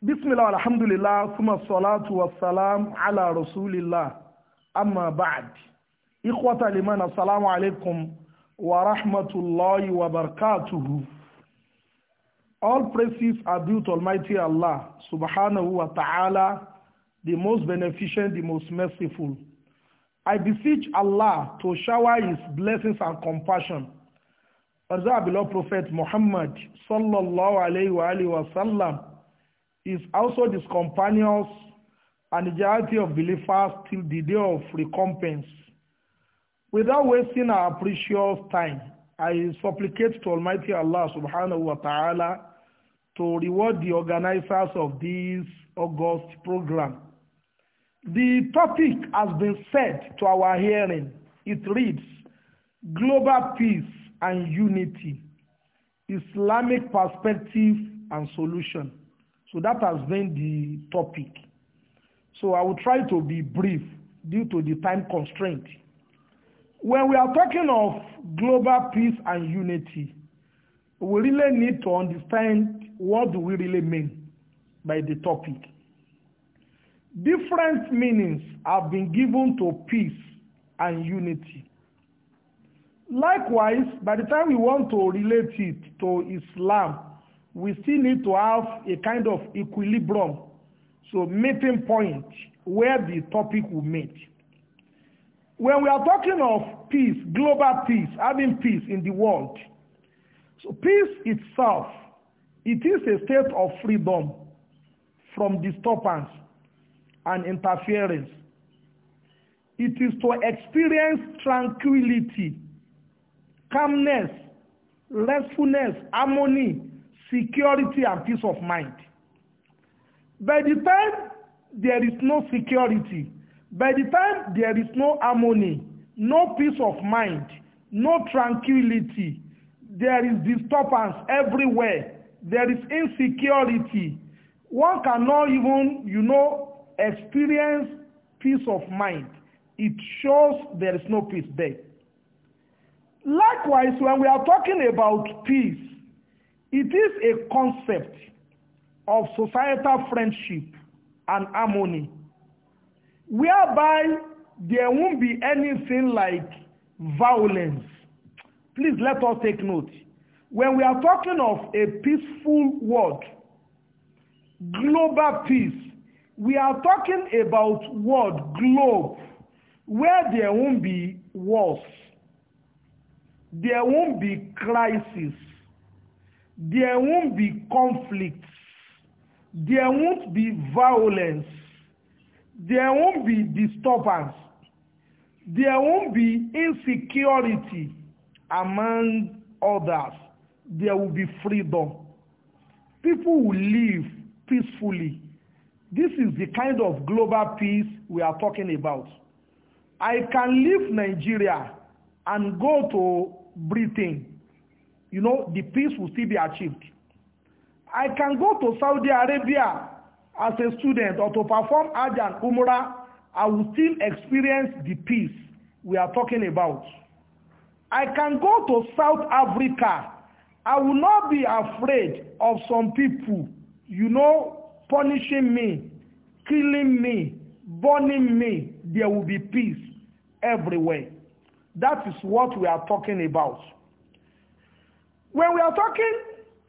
bismillah alhamdulillah suma salatu wa salam ala rasulillah amma ba'd ikhwata liman assalamu alaikum wa rahmatullahi wa barakatuhu all praises are due to almighty allah subhanahu wa ta'ala the most beneficent the most merciful i beseech allah to shower his blessings and compassion on the beloved prophet muhammad sallallahu alaihi wa alihi wa sallam is also his companions and the majority of believers till the day of recompense. Without wasting our precious time, I supplicate to Almighty Allah subhanahu wa ta'ala to reward the organizers of this August program. The topic has been set to our hearing. It reads, Global Peace and Unity, Islamic Perspective and Solution. So that has been the topic. So I will try to be brief due to the time constraint. When we are talking of global peace and unity, we really need to understand what do we really mean by the topic. Different meanings have been given to peace and unity. Likewise, by the time we want to relate it to Islam we still need to have a kind of equilibrium, so meeting point where the topic will meet. When we are talking of peace, global peace, having peace in the world, so peace itself, it is a state of freedom from disturbance and interference. It is to experience tranquility, calmness, restfulness, harmony, security and peace of mind. By the time there is no security, by the time there is no harmony, no peace of mind, no tranquility, there is disturbance everywhere, there is insecurity. One cannot even, you know, experience peace of mind. It shows there is no peace there. Likewise, when we are talking about peace, It is a concept of societal friendship and harmony whereby there won't be anything like violence. Please let us take note. When we are talking of a peaceful world, global peace, we are talking about world, globe, where there won't be wars. There won't be crisis There won't be conflicts. There won't be violence. There won't be disturbance. There won't be insecurity among others. There will be freedom. People will live peacefully. This is the kind of global peace we are talking about. I can leave Nigeria and go to Britain you know, the peace will still be achieved. I can go to Saudi Arabia as a student or to perform Hajj and Umrah, I will still experience the peace we are talking about. I can go to South Africa. I will not be afraid of some people, you know, punishing me, killing me, burning me. There will be peace everywhere. That is what we are talking about. When we are talking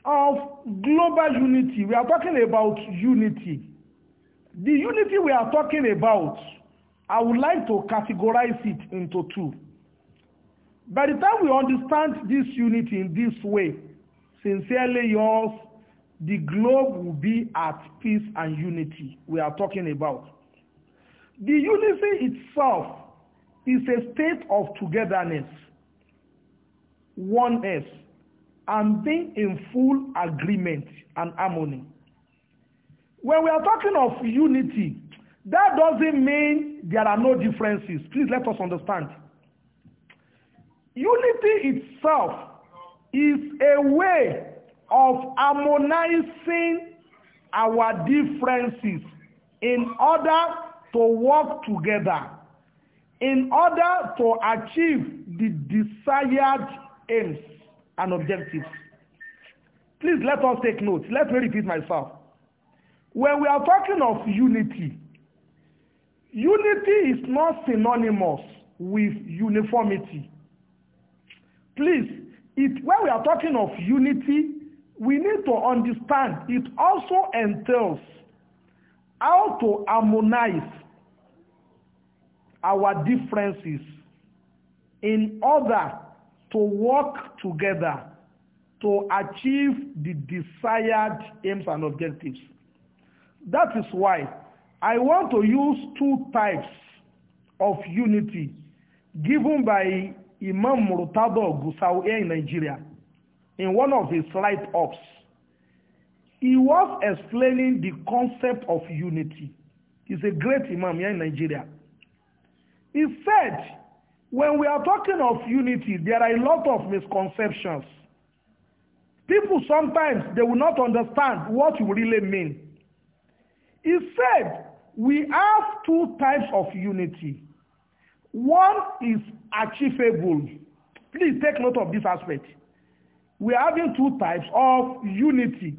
of global unity, we are talking about unity. The unity we are talking about, I would like to categorize it into two. By the time we understand this unity in this way, sincerely yours, the globe will be at peace and unity we are talking about. The unity itself is a state of togetherness, oneness, and being in full agreement and harmony. When we are talking of unity, that doesn't mean there are no differences. Please let us understand. Unity itself is a way of harmonizing our differences in order to work together, in order to achieve the desired aims and objectives. Please let us take notes. Let me repeat myself. When we are talking of unity, unity is not synonymous with uniformity. Please, it, when we are talking of unity, we need to understand it also entails how to harmonize our differences in order to work together to achieve the desired aims and objectives. That is why I want to use two types of unity given by Imam Murtado Gusau in Nigeria in one of his write-ups. He was explaining the concept of unity. He's a great Imam here in Nigeria. He said When we are talking of unity, there are a lot of misconceptions. People sometimes, they will not understand what you really mean. He said, we have two types of unity. One is achievable. Please take note of this aspect. We are having two types of unity.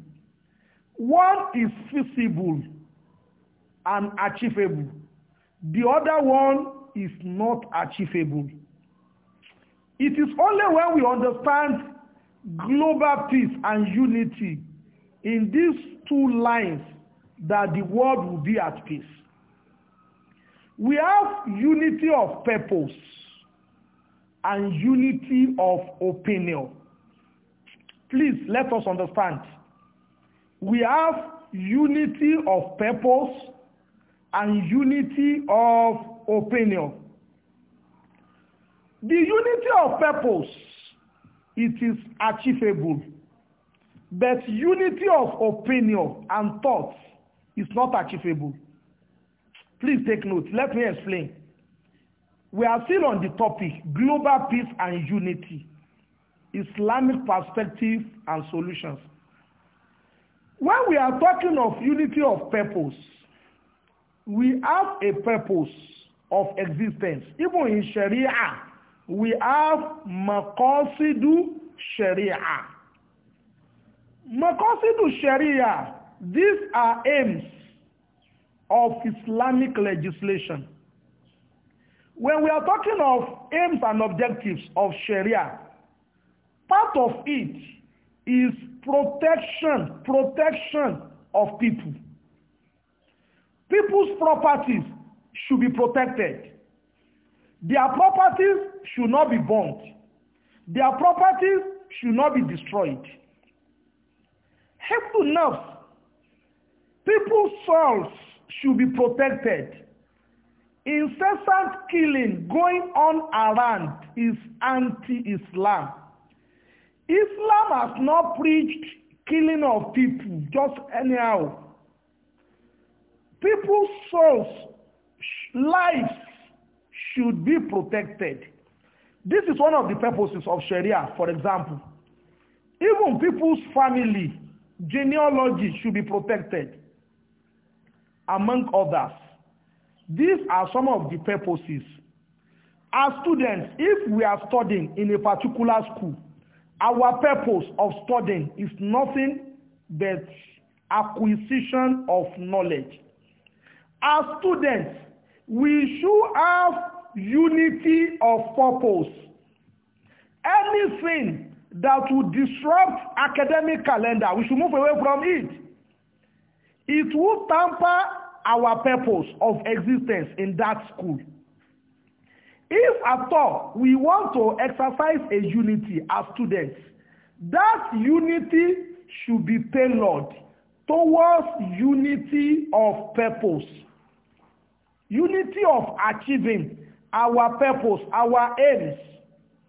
One is feasible and achievable. The other one is not achievable. It is only when we understand global peace and unity in these two lines that the world will be at peace. We have unity of purpose and unity of opinion. Please let us understand. We have unity of purpose and unity of opinion. The unity of purpose, it is achievable. But unity of opinion and thought is not achievable. Please take note. Let me explain. We are still on the topic, global peace and unity, Islamic perspective and solutions. When we are talking of unity of purpose, we have a purpose of existence even in sharia we have makosidu sharia makosidu sharia these are aims of Islamic legislation when we are talking of aims and objectives of sharia part of it is protection protection of people people's properties should be protected. Their properties should not be burnt. Their properties should not be destroyed. Helpful nerves. People's souls should be protected. Incessant killing going on around is anti-Islam. Islam has not preached killing of people just anyhow. People's souls lives should be protected. This is one of the purposes of Sharia, for example. Even people's family, genealogy should be protected, among others. These are some of the purposes. As students, if we are studying in a particular school, our purpose of studying is nothing but acquisition of knowledge. As students, we should have unity of purpose. Anything that would disrupt academic calendar, we should move away from it. It will tamper our purpose of existence in that school. If at all we want to exercise a unity as students, that unity should be tailored towards unity of purpose unity of achieving our purpose, our aims,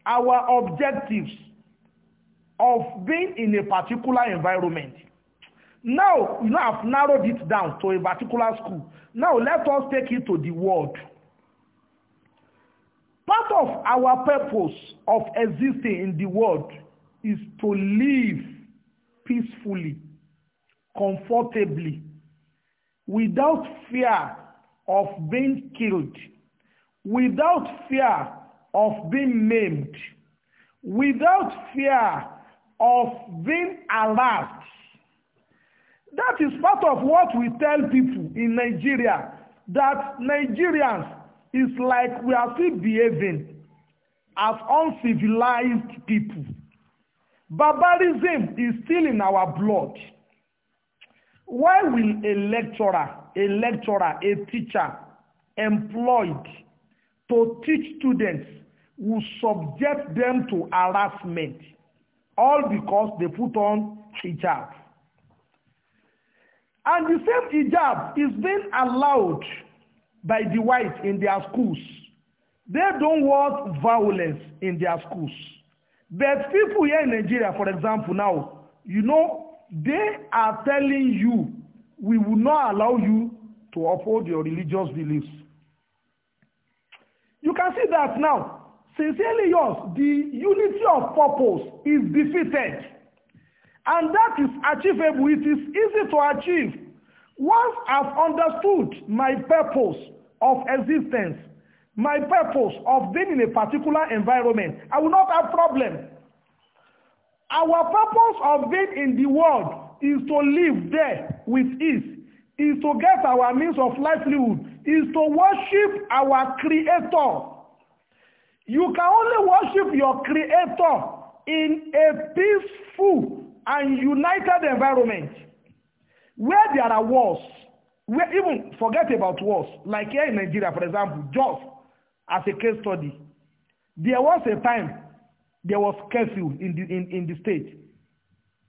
our objectives of being in a particular environment. Now, you know, I've narrowed it down to a particular school. Now, let us take it to the world. Part of our purpose of existing in the world is to live peacefully, comfortably, without fear of being killed, without fear of being maimed, without fear of being alarmed. That is part of what we tell people in Nigeria, that Nigerians is like we are still behaving as uncivilized people. Barbarism is still in our blood. Why will a lecturer, a lecturer, a teacher employed to teach students will subject them to harassment all because they put on hijab? And the same hijab is being allowed by the whites in their schools. They don't want violence in their schools. But people here in Nigeria, for example, now, you know, They are telling you, we will not allow you to uphold your religious beliefs. You can see that now. Sincerely yours, the unity of purpose is defeated. And that is achievable. It is easy to achieve. Once I've understood my purpose of existence, my purpose of being in a particular environment, I will not have problem Our purpose of being in the world is to live there with ease, is to get our means of livelihood, is to worship our Creator. You can only worship your Creator in a peaceful and united environment where there are wars, where even forget about wars, like here in Nigeria, for example, just as a case study. There was a time There was curfew in the, in, in the state.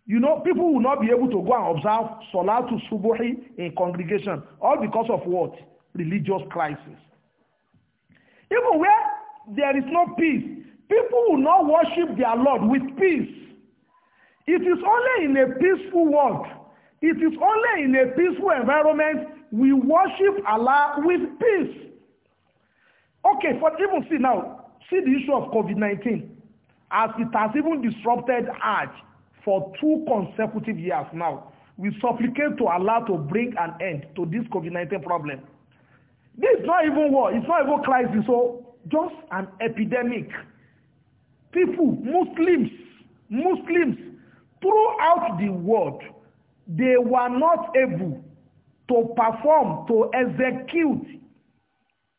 You know, people will not be able to go and observe Salatul Subuhi in congregation, all because of what? Religious crisis. Even where there is no peace, people will not worship their Lord with peace. It is only in a peaceful world, it is only in a peaceful environment we worship Allah with peace. Okay, for even see now, see the issue of COVID-19 as it has even disrupted Hajj for two consecutive years now, we supplicate to Allah to bring an end to this COVID-19 problem. This is not even war. It's not even crisis. So just an epidemic. People, Muslims, Muslims throughout the world, they were not able to perform, to execute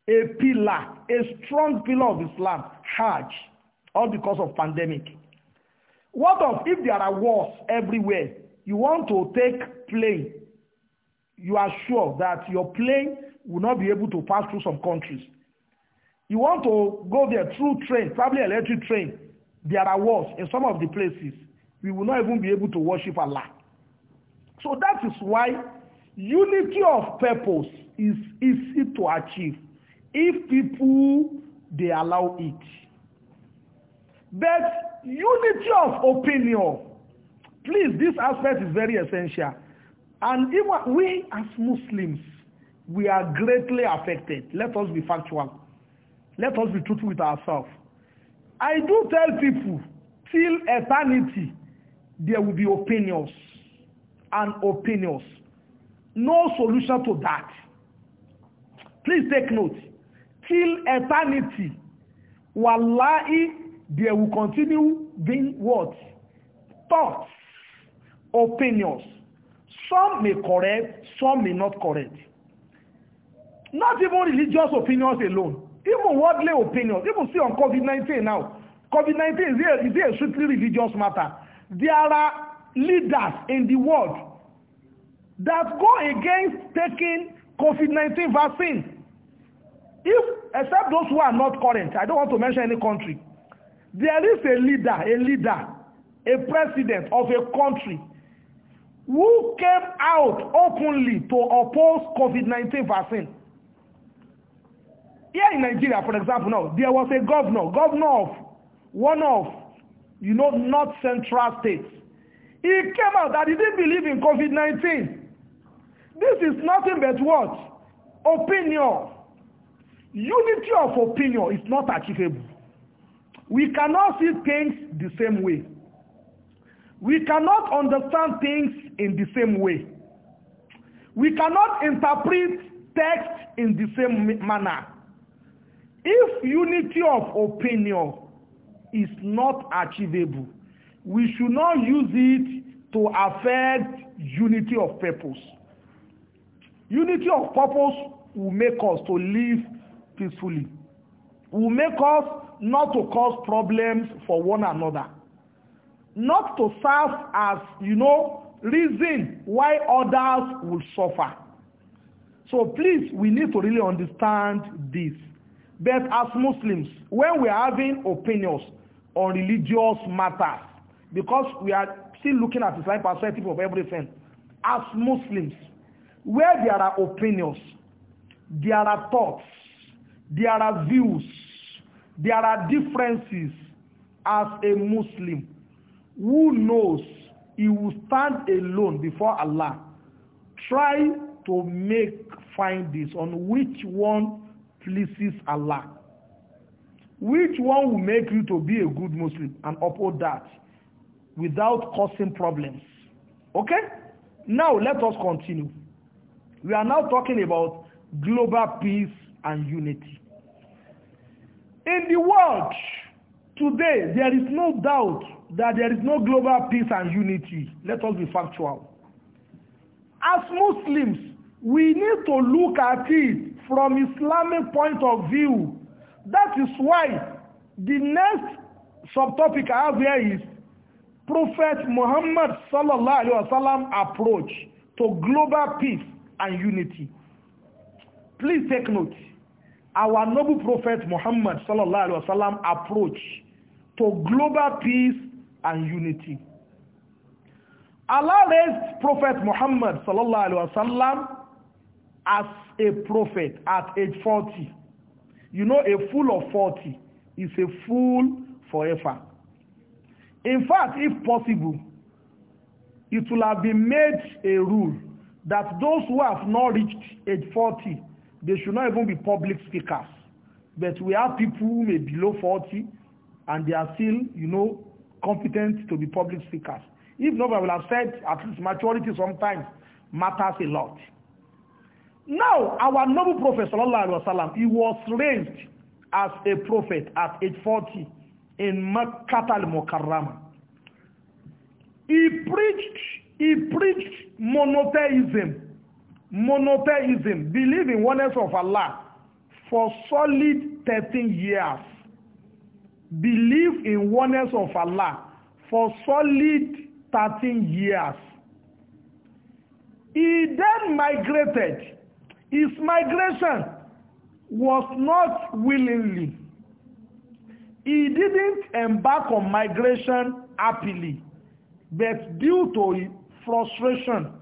a pillar, a strong pillar of Islam, Hajj all because of pandemic. What of if there are wars everywhere? You want to take plane. You are sure that your plane will not be able to pass through some countries. You want to go there through train, probably electric train. There are wars in some of the places. We will not even be able to worship Allah. So that is why unity of purpose is easy to achieve if people they allow it. But unity of opinion, please, this aspect is very essential. And even we as Muslims, we are greatly affected. Let us be factual. Let us be truthful with ourselves. I do tell people, till eternity, there will be opinions and opinions. No solution to that. Please take note. Till eternity, wallahi, they will continue being what? Thoughts, opinions. Some may correct, some may not correct. Not even religious opinions alone. Even worldly opinions. Even see on COVID-19 now. COVID-19 is, is a strictly religious matter. There are leaders in the world that go against taking COVID-19 vaccine. If, except those who are not current, I don't want to mention any country. There is a leader, a leader, a president of a country who came out openly to oppose COVID-19 vaccine. Here in Nigeria, for example, now, there was a governor, governor of one of, you know, north central states. He came out that he didn't believe in COVID-19. This is nothing but what? Opinion. Unity of opinion is not achievable. We cannot see things the same way. We cannot understand things in the same way. We cannot interpret text in the same manner. If unity of opinion is not achievable, we should not use it to affect unity of purpose. Unity of purpose will make us to live peacefully, will make us not to cause problems for one another, not to serve as, you know, reason why others will suffer. So please, we need to really understand this. But as Muslims, when we are having opinions on religious matters, because we are still looking at the same perspective of everything, as Muslims, where there are opinions, there are thoughts, there are views, there are differences as a Muslim who knows he will stand alone before Allah. Try to make findings on which one pleases Allah. Which one will make you to be a good Muslim and uphold that without causing problems. Okay? Now let us continue. We are now talking about global peace and unity. In the world today, there is no doubt that there is no global peace and unity. Let us be factual. As Muslims, we need to look at it from Islamic point of view. That is why the next subtopic I have here is Prophet Muhammad sallallahu alaihi wasallam approach to global peace and unity. Please take note our noble prophet Muhammad sallallahu alaihi wasallam approach to global peace and unity. Allah raised prophet Muhammad sallallahu alaihi wasallam as a prophet at age 40. You know a fool of 40 is a fool forever. In fact, if possible, it will have been made a rule that those who have not reached age 40 They should not even be public speakers. But we have people who may below 40 and they are still, you know, competent to be public speakers. If not, I will have said at least maturity sometimes matters a lot. Now, our noble prophet, sallallahu alaihi wasallam, he was raised as a prophet at age 40 in Makkah al-Mukarram. He preached, he preached monotheism monotheism, believe in oneness of Allah, for solid thirteen years. Believe in oneness of Allah for solid thirteen years. He then migrated. His migration was not willingly. He didn't embark on migration happily, but due to frustration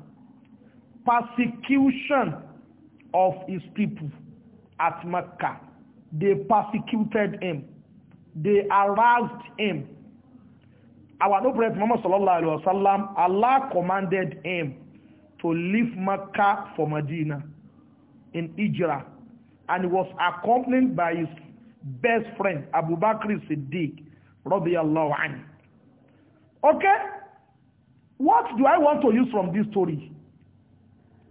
persecution of his people at Mecca. They persecuted him. They aroused him. Our noble Prophet Muhammad sallallahu alaihi wasallam, Allah commanded him to leave Mecca for Medina in Hijrah. And he was accompanied by his best friend, Abu Bakr Siddiq, radiallahu anhu. Okay? What do I want to use from this story?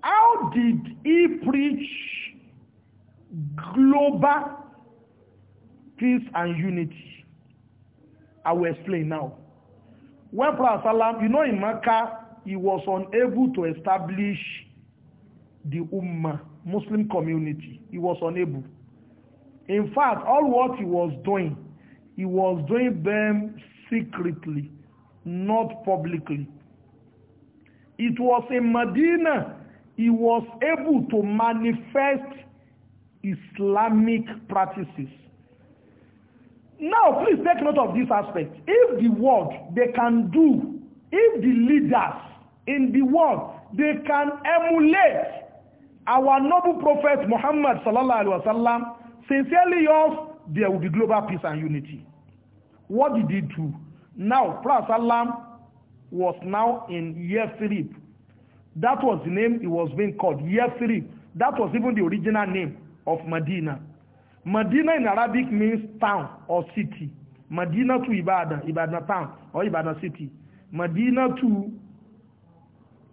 How did he preach global peace and unity? I will explain now. When Prophet Salam, you know in Mecca, he was unable to establish the Ummah, Muslim community. He was unable. In fact, all what he was doing, he was doing them secretly, not publicly. It was in Medina he was able to manifest Islamic practices. Now, please take note of this aspect. If the world, they can do, if the leaders in the world, they can emulate our noble prophet Muhammad sallallahu alaihi wasallam, sincerely yours, there will be global peace and unity. What did he do? Now, Prophet Sallam was now in Yathrib, That was the name it was being called. Yathrib. That was even the original name of Medina. Medina in Arabic means town or city. Medina to Ibadan, Ibadan town or Ibadan city. Medina to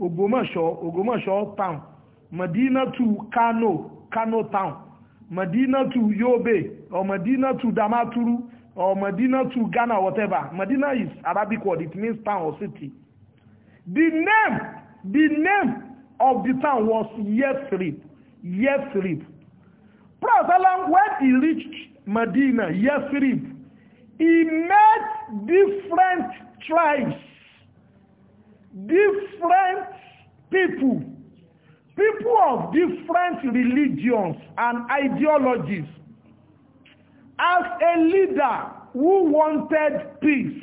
Ogbomoso, Ogbomoso town. Medina to Kano, Kano town. Medina to Yobe or Medina to Damaturu or Medina to Ghana, whatever. Medina is Arabic word. It means town or city. The name The name of the town was Yathrib. Yathrib. Prophet, when he reached Medina, Yathrib, he met different tribes, different people, people of different religions and ideologies. As a leader who wanted peace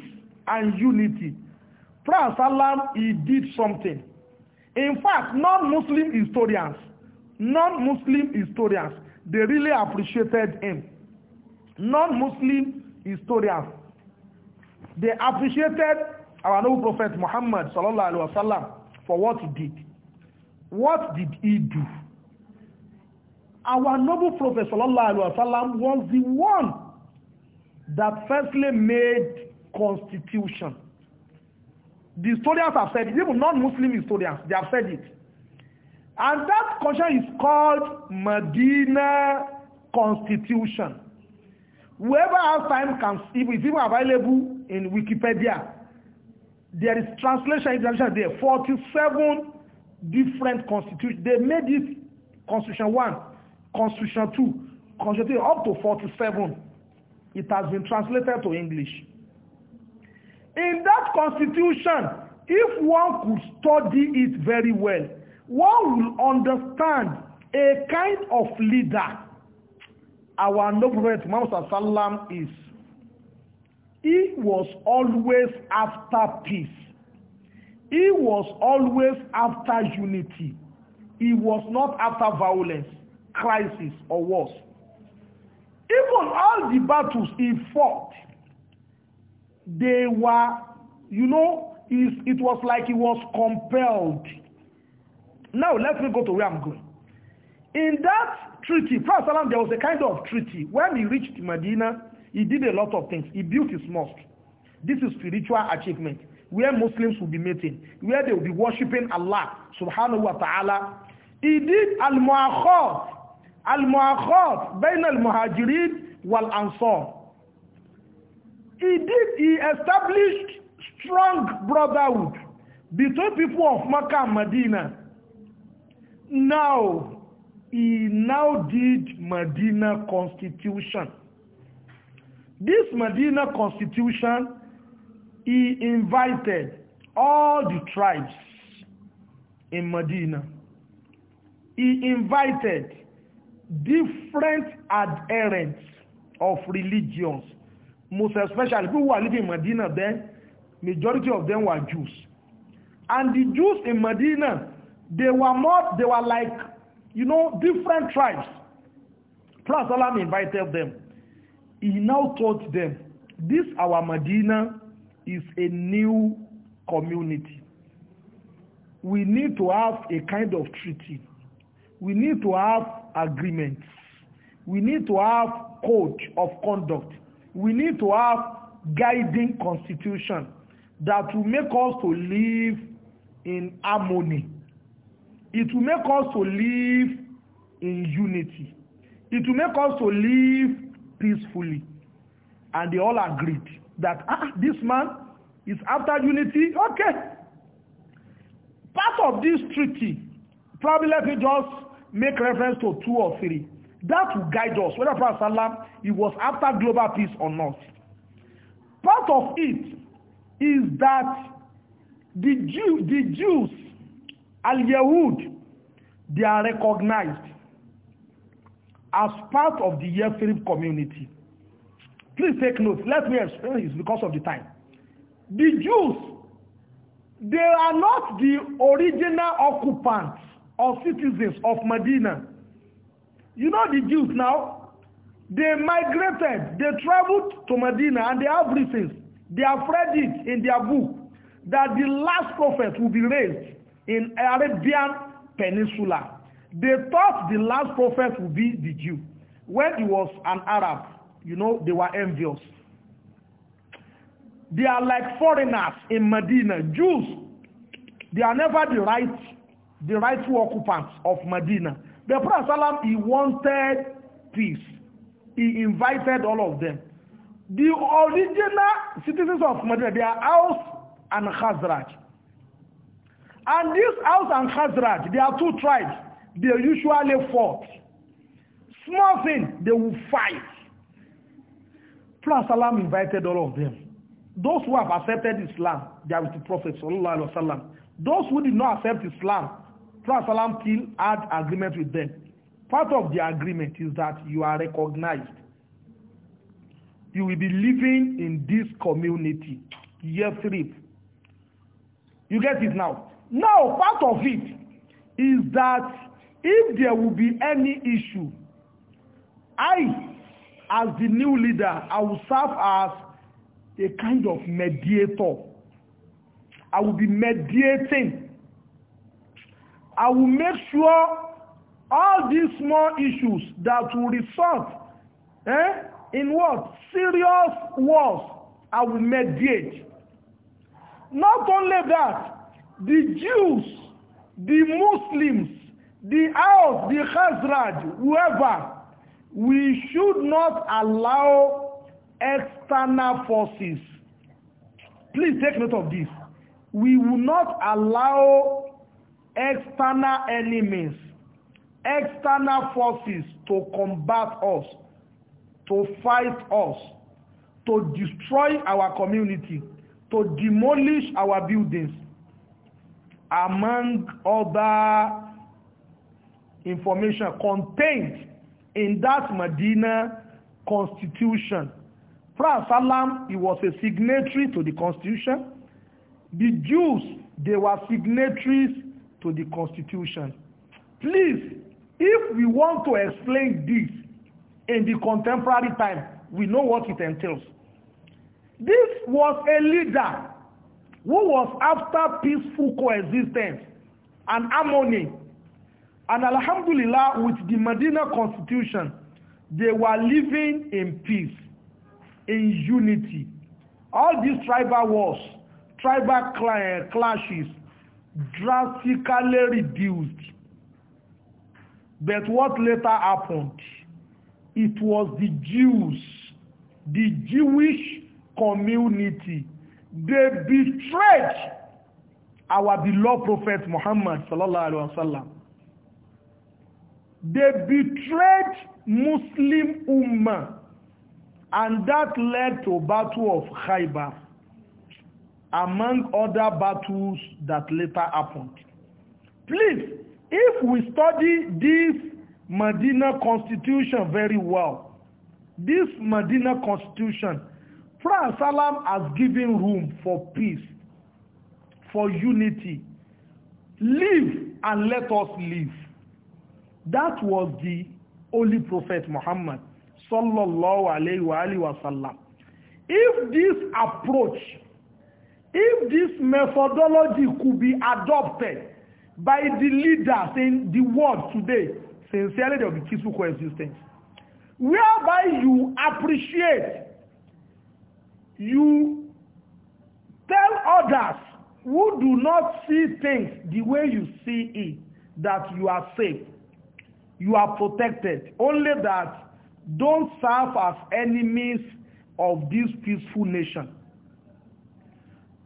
and unity, Prophet, he did something. In fact, non-Muslim historians, non-Muslim historians, they really appreciated him. Non-Muslim historians, they appreciated our noble prophet Muhammad sallallahu alaihi wasallam for what he did. What did he do? Our noble prophet sallallahu alaihi wasallam was the one that firstly made constitution The historians have said it. Even non-Muslim historians, they have said it. And that constitution is called Medina Constitution. Whoever has time can see, if it's even available in Wikipedia, there is translation, international there, 47 different constitutions. They made this Constitution 1, Constitution 2, Constitution 3, up to 47. It has been translated to English. In that constitution, if one could study it very well, one will understand a kind of leader our noble prophet Muhammad Sallam is. He was always after peace. He was always after unity. He was not after violence, crisis, or wars. Even all the battles he fought they were, you know, it was like he was compelled. Now, let me go to where I'm going. In that treaty, Prophet Salam, there was a kind of treaty. When he reached Medina, he did a lot of things. He built his mosque. This is spiritual achievement, where Muslims will be meeting, where they will be worshiping Allah subhanahu wa ta'ala. He did al-mu'akhab, al-mu'akhab, bain al-muhajirin wal-ansar he did, he established strong brotherhood between people of Makkah and Medina. Now, he now did Medina constitution. This Medina constitution, he invited all the tribes in Medina. He invited different adherents of religions most especially people who are living in Medina then, majority of them were Jews. And the Jews in Medina, they were not, they were like, you know, different tribes. Prophet Allah invited them. He now taught them, this our Medina is a new community. We need to have a kind of treaty. We need to have agreements. We need to have code of conduct we need to have guiding constitution that will make us to live in harmony. It will make us to live in unity. It will make us to live peacefully. And they all agreed that ah, this man is after unity. Okay. Part of this treaty, probably let me just make reference to two or three. That will guide us whether Prophet Salam it was after global peace or not. Part of it is that the, Jew, the Jews, Al-Yahud, they are recognized as part of the Yathrib community. Please take note. Let me explain this because of the time. The Jews, they are not the original occupants or citizens of Medina. You know the Jews now, they migrated, they traveled to Medina and they have reasons. They have read it in their book that the last prophet will be raised in Arabian Peninsula. They thought the last prophet would be the Jew. When he was an Arab, you know, they were envious. They are like foreigners in Medina. Jews, they are never the right, the rightful occupants of Medina. The Prophet Salam, he wanted peace. He invited all of them. The original citizens of Madinah they are Aus and Khazraj. And this Aus and Khazraj, they are two tribes. They usually fought. Small thing, they will fight. Prophet Salam invited all of them. Those who have accepted Islam, they are with the Prophet Sallallahu Alaihi Wasallam. Those who did not accept Islam, Prophet still had agreement with them. Part of the agreement is that you are recognized. You will be living in this community. Yathrib. You get it now? Now, part of it is that if there will be any issue, I, as the new leader, I will serve as a kind of mediator. I will be mediating I will make sure all these small issues that will result eh, in what? Serious wars, I will mediate. Not only that, the Jews, the Muslims, the Arabs, the Khazraj, whoever, we should not allow external forces. Please take note of this. We will not allow external enemies external forces to combat us to fight us to destroy our community to demolish our buildings among other information contained in that Medina constitution. Prophet Salam, he was a signatory to the constitution. The Jews, they were signatories to the constitution. Please, if we want to explain this in the contemporary time, we know what it entails. This was a leader who was after peaceful coexistence and harmony. And alhamdulillah, with the Medina constitution, they were living in peace, in unity. All these tribal wars, tribal clashes, drastically reduced. But what later happened? It was the Jews, the Jewish community. They betrayed our beloved prophet Muhammad sallallahu alaihi wasallam. They betrayed Muslim Ummah and that led to battle of Khaybar among other battles that later happened. Please, if we study this Medina constitution very well, this Medina constitution, Prophet Salam has given room for peace, for unity. Live and let us live. That was the Holy Prophet Muhammad sallallahu alayhi wa sallam. If this approach If this methodology could be adopted by the leaders in the world today, sincerely there will be peaceful coexistence. Whereby you appreciate, you tell others who do not see things the way you see it, that you are safe, you are protected, only that don't serve as enemies of this peaceful nation.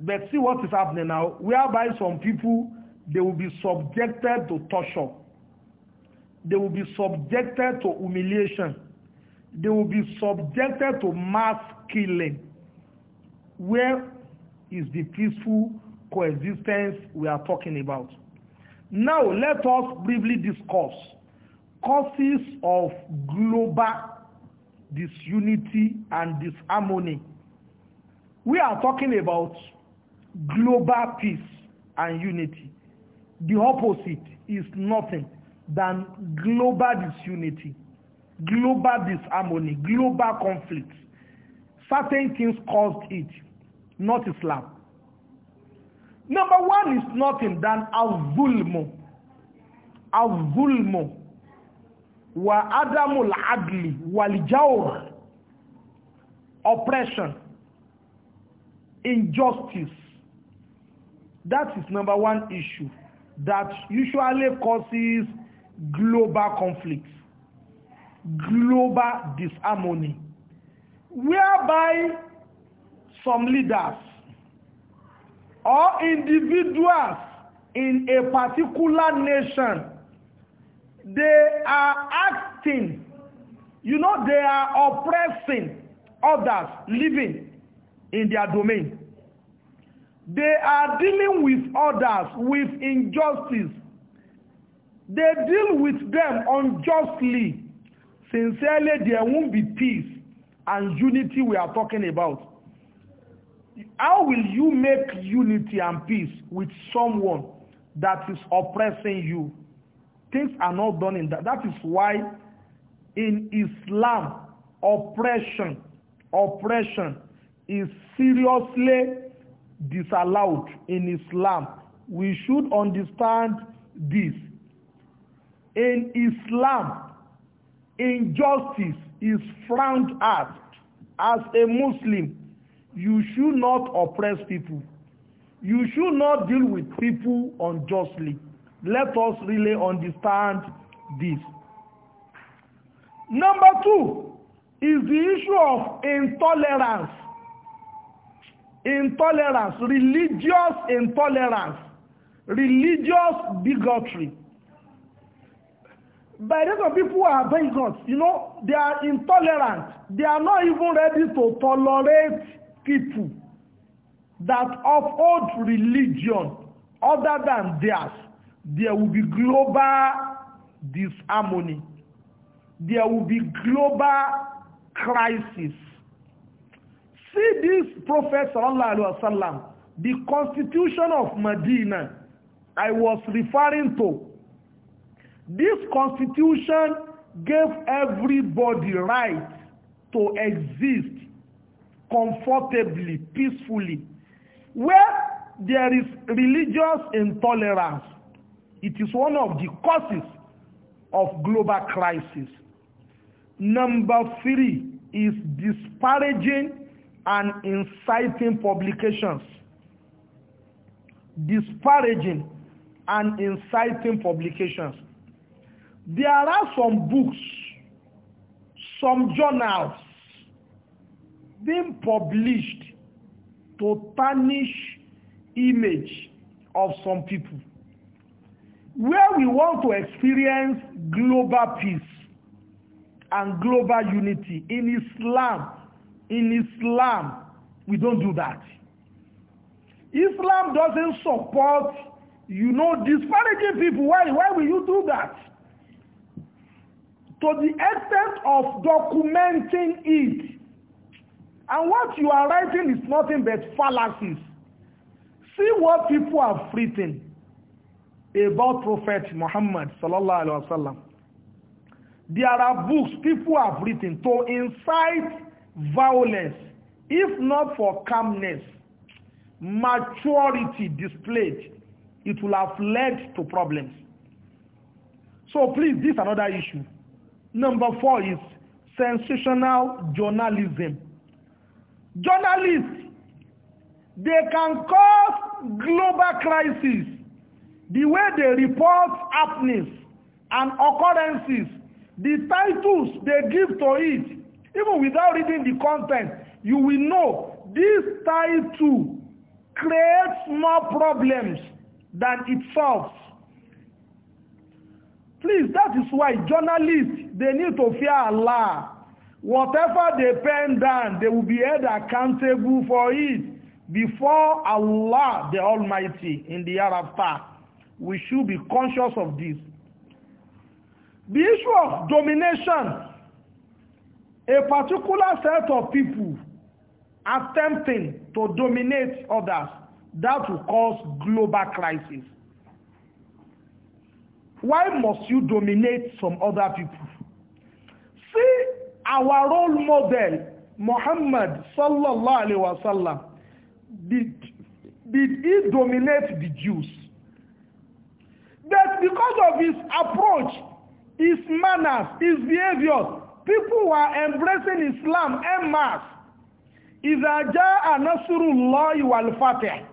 But see what is happening now, whereby some people, they will be subjected to torture. They will be subjected to humiliation. They will be subjected to mass killing. Where is the peaceful coexistence we are talking about? Now, let us briefly discuss causes of global disunity and disharmony. We are talking about global peace and unity. The opposite is nothing than global disunity, global disharmony, global conflict. Certain things caused it, not Islam. Number one is nothing than avulmo, avulmo, Al-zulmu wa adamul adli wal oppression injustice that is number one issue that usually causes global conflicts, global disharmony, whereby some leaders or individuals in a particular nation, they are acting, you know, they are oppressing others living in their domain. They are dealing with others with injustice. They deal with them unjustly. Sincerely, there won't be peace and unity we are talking about. How will you make unity and peace with someone that is oppressing you? Things are not done in that. That is why in Islam, oppression, oppression is seriously disallowed in Islam. We should understand this. In Islam, injustice is frowned at. As a Muslim, you should not oppress people. You should not deal with people unjustly. Let us really understand this. Number two is the issue of intolerance intolerance religious intolerance religious bigotry by the of people are bigots you know they are intolerant they are not even ready to tolerate people that uphold religion other than theirs there will be global disharmony there will be global crisis See this Prophet sallallahu alaihi wasallam, the constitution of Medina I was referring to. This constitution gave everybody right to exist comfortably, peacefully. Where there is religious intolerance, it is one of the causes of global crisis. Number three is disparaging and inciting publications disparaging and inciting publications there are some books some journals being published to tarnish image of some people where we want to experience global peace and global unity in Islam In Islam, we don't do that. Islam doesn't support, you know, disparaging people. Why, why will you do that? To the extent of documenting it. And what you are writing is nothing but fallacies. See what people have written about Prophet Muhammad sallallahu alaihi wasallam. There are books people have written to incite violence, if not for calmness, maturity displayed, it will have led to problems. So please, this another issue. Number four is sensational journalism. Journalists, they can cause global crises the way they report happenings and occurrences, the titles they give to it, Even without reading the content, you will know this title creates more problems than it solves. Please, that is why journalists, they need to fear Allah. Whatever they pen down, they will be held accountable for it before Allah the Almighty in the hereafter. We should be conscious of this. The issue of domination A particular set of people attempting to dominate others that will cause global crisis. Why must you dominate some other people? See our role model, Muhammad sallallahu alaihi wasallam, did, did he dominate the Jews? That because of his approach, his manners, his behaviors, people who are embracing Islam en masse. إذا جاء نصر الله والفتح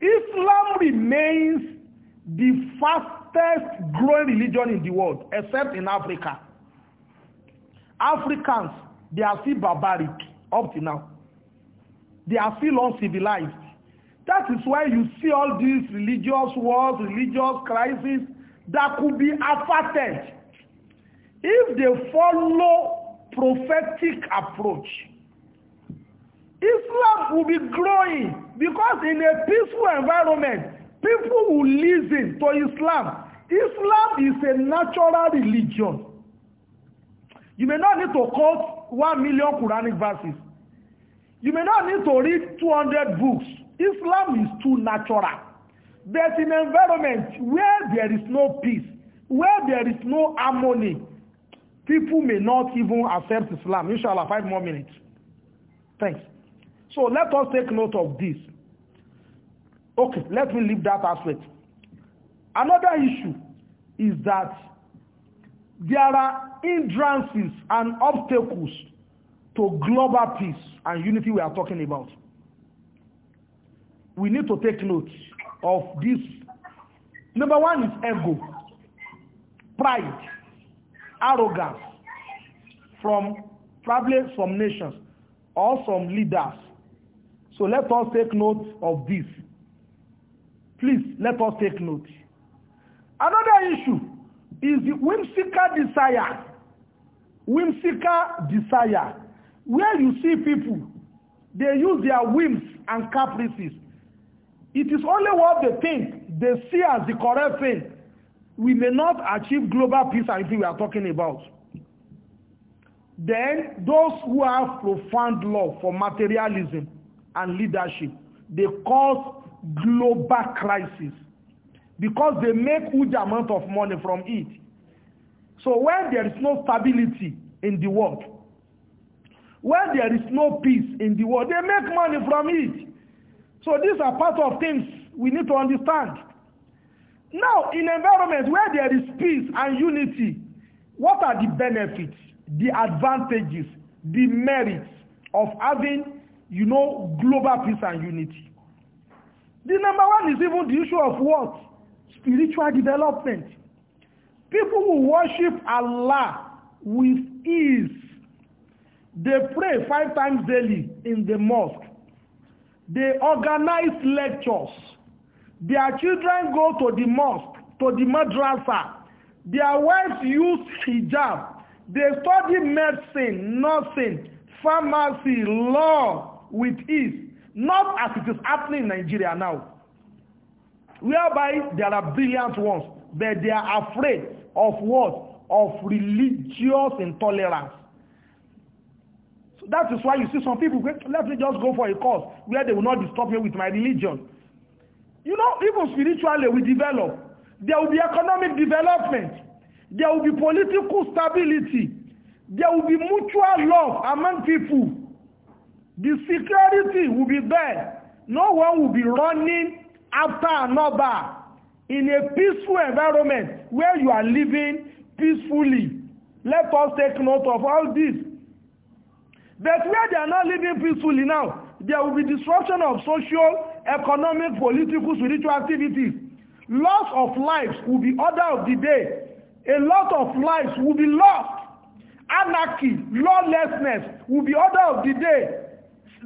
Islam remains the fastest growing religion in the world, except in Africa. Africans, they are still barbaric up to now. They are still uncivilized. That is why you see all these religious wars, religious crises that could be averted if they follow prophetic approach, Islam will be growing because in a peaceful environment, people will listen to Islam. Islam is a natural religion. You may not need to quote one million Quranic verses. You may not need to read two hundred books. Islam is too natural. There's an environment where there is no peace, where there is no harmony, People may not even accept Islam. Inshallah, five more minutes. Thanks. So let us take note of this. Okay, let me leave that aspect. Another issue is that there are hindrances and obstacles to global peace and unity we are talking about. We need to take note of this. Number one is ego, pride arrogance from probably some nations or some leaders. So let us take note of this. Please, let us take note. Another issue is the whimsical desire. Whimsical desire. Where you see people, they use their whims and caprices. It is only what they think they see as the correct thing we may not achieve global peace until we are talking about. Then those who have profound love for materialism and leadership, they cause global crisis because they make huge amount of money from it. So when there is no stability in the world, when there is no peace in the world, they make money from it. So these are part of things we need to understand. Now, in environment where there is peace and unity, what are the benefits, the advantages, the merits of having, you know, global peace and unity? The number one is even the issue of what? Spiritual development. People who worship Allah with ease. They pray five times daily in the mosque. They organize lectures Their children go to the mosque, to the madrasa. Their wives use hijab. They study medicine, nursing, pharmacy, law with ease. Not as it is happening in Nigeria now. Whereby there are brilliant ones, but they are afraid of what? Of religious intolerance. So that is why you see some people, let me just go for a course where they will not disturb me with my religion. You know, even spiritually we develop. There will be economic development. There will be political stability. There will be mutual love among people. The security will be there. No one will be running after another in a peaceful environment where you are living peacefully. Let us take note of all this. But where they are not living peacefully now, there will be disruption of social economic, political, spiritual activities. Loss of lives will be order of the day. A lot of lives will be lost. Anarchy, lawlessness will be order of the day.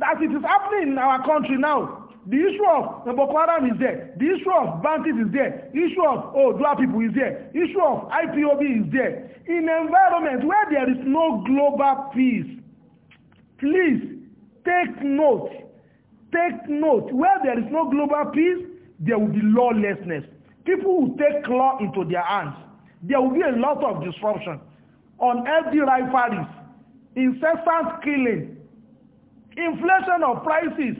As it is happening in our country now, the issue of Boko is there. The issue of bandits is there. issue of Odua oh, people is there. issue of IPOB is there. In environment where there is no global peace, please take note Take note, where there is no global peace, there will be lawlessness. People will take law into their hands. There will be a lot of disruption. on Unhealthy rivalries, incessant killing, inflation of prices,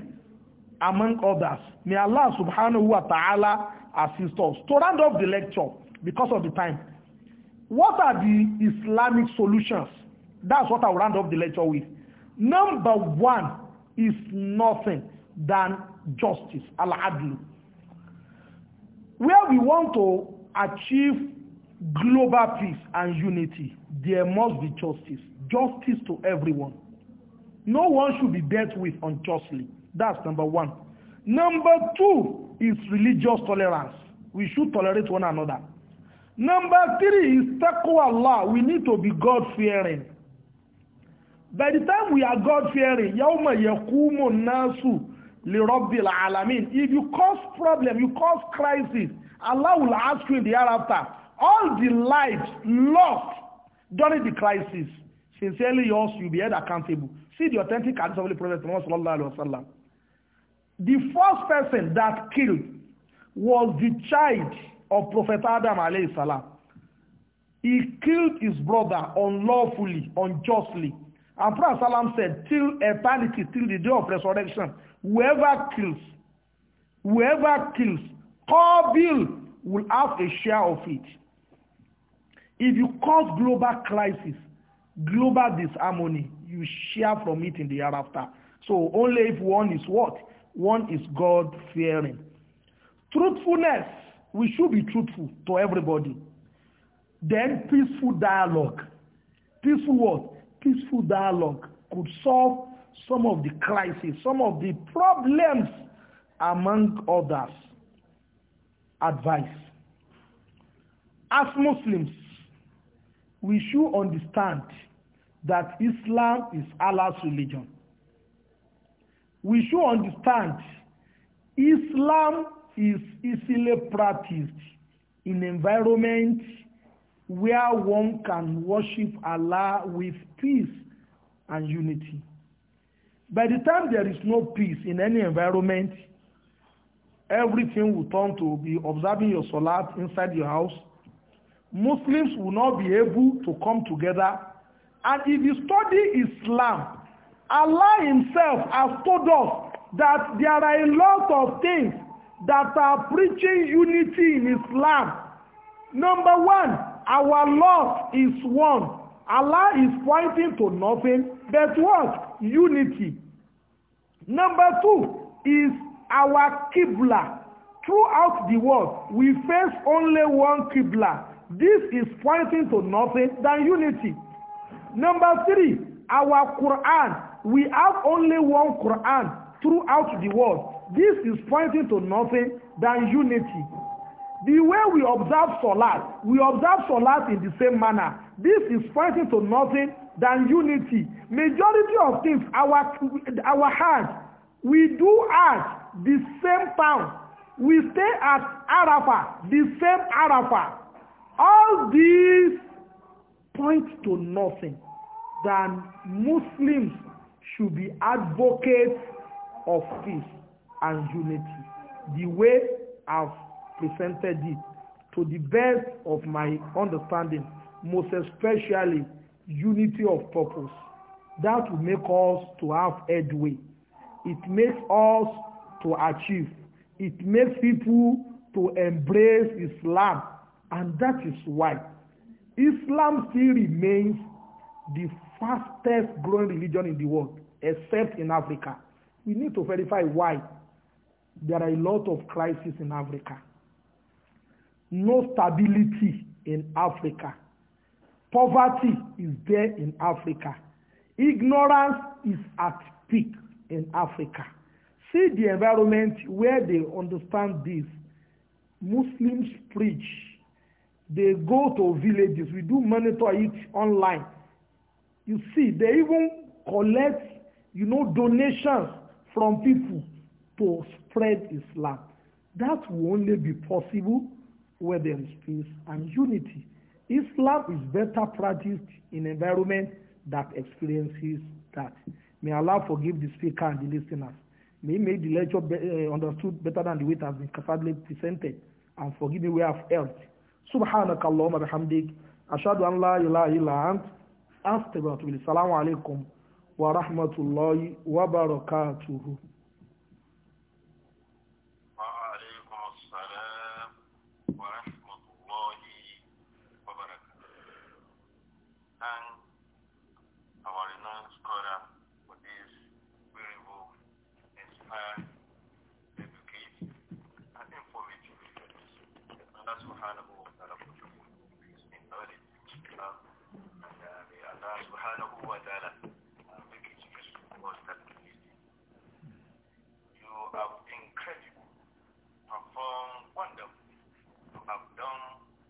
among others. May Allah subhanahu wa ta'ala assist us. To round off the lecture, because of the time, what are the Islamic solutions? That's what I'll round off the lecture with. Number one is nothing than justice, al-adl. Where we want to achieve global peace and unity, there must be justice. Justice to everyone. No one should be dealt with unjustly. That's number one. Number two is religious tolerance. We should tolerate one another. Number three is taqwa Allah. We need to be God-fearing. By the time we are God-fearing, يَوْمَ يَقُومُ النَّاسُ la alamin if you cause problem you cause crisis Allah will ask you in the hereafter all the lives lost during the crisis sincerely yours you be held accountable see the authentic hadith of the prophet muhammad sallallahu alaihi wasallam the first person that killed was the child of prophet adam alayhi salam he killed his brother unlawfully unjustly And Prophet Salam said, till eternity, till the day of resurrection, whoever kills, whoever kills, Qabil will have a share of it. If you cause global crisis, global disharmony, you share from it in the hereafter. So only if one is what? One is God-fearing. Truthfulness. We should be truthful to everybody. Then peaceful dialogue. Peaceful what? peaceful dialogue could solve some of the crises, some of the problems among others. Advice. As Muslims, we should understand that Islam is Allah's religion. We should understand Islam is easily practiced in environments where one can worship Allah with peace and unity. By the time there is no peace in any environment, everything will turn to be observing your salat inside your house. Muslims will not be able to come together. And if you study Islam, Allah himself has told us that there are a lot of things that are preaching unity in Islam. Number one, Our Lord is one. Allah is pointing to nothing but what? Unity. Number two is our kibla. Throughout the world, we face only one kibla. This is pointing to nothing than unity. Number three, our Quran. We have only one Quran throughout the world. This is pointing to nothing than unity. The way we observe Salat, we observe Salat in the same manner. This is pointing to nothing than unity. Majority of things, our, our hands, we do at the same town. We stay at Arafah, the same Arafah. All these point to nothing than Muslims should be advocates of peace and unity. The way I've presented it to the best of my understanding, most especially unity of purpose. That will make us to have headway. It makes us to achieve. It makes people to embrace Islam. And that is why Islam still remains the fastest growing religion in the world, except in Africa. We need to verify why there are a lot of crises in Africa no stability in Africa. Poverty is there in Africa. Ignorance is at peak in Africa. See the environment where they understand this. Muslims preach. They go to villages. We do monitor it online. You see, they even collect, you know, donations from people to spread Islam. That will only be possible where there is peace and unity. Islam is better practiced in environment that experiences that. May Allah forgive the speaker and the listeners. May he make the lecture be, uh, understood better than the way it has been carefully presented. And forgive me where I've erred. سبحانك اللهم وبحمدك أشهد أن لا إله إلا أنت أستغفرك السلام عليكم ورحمة الله وبركاته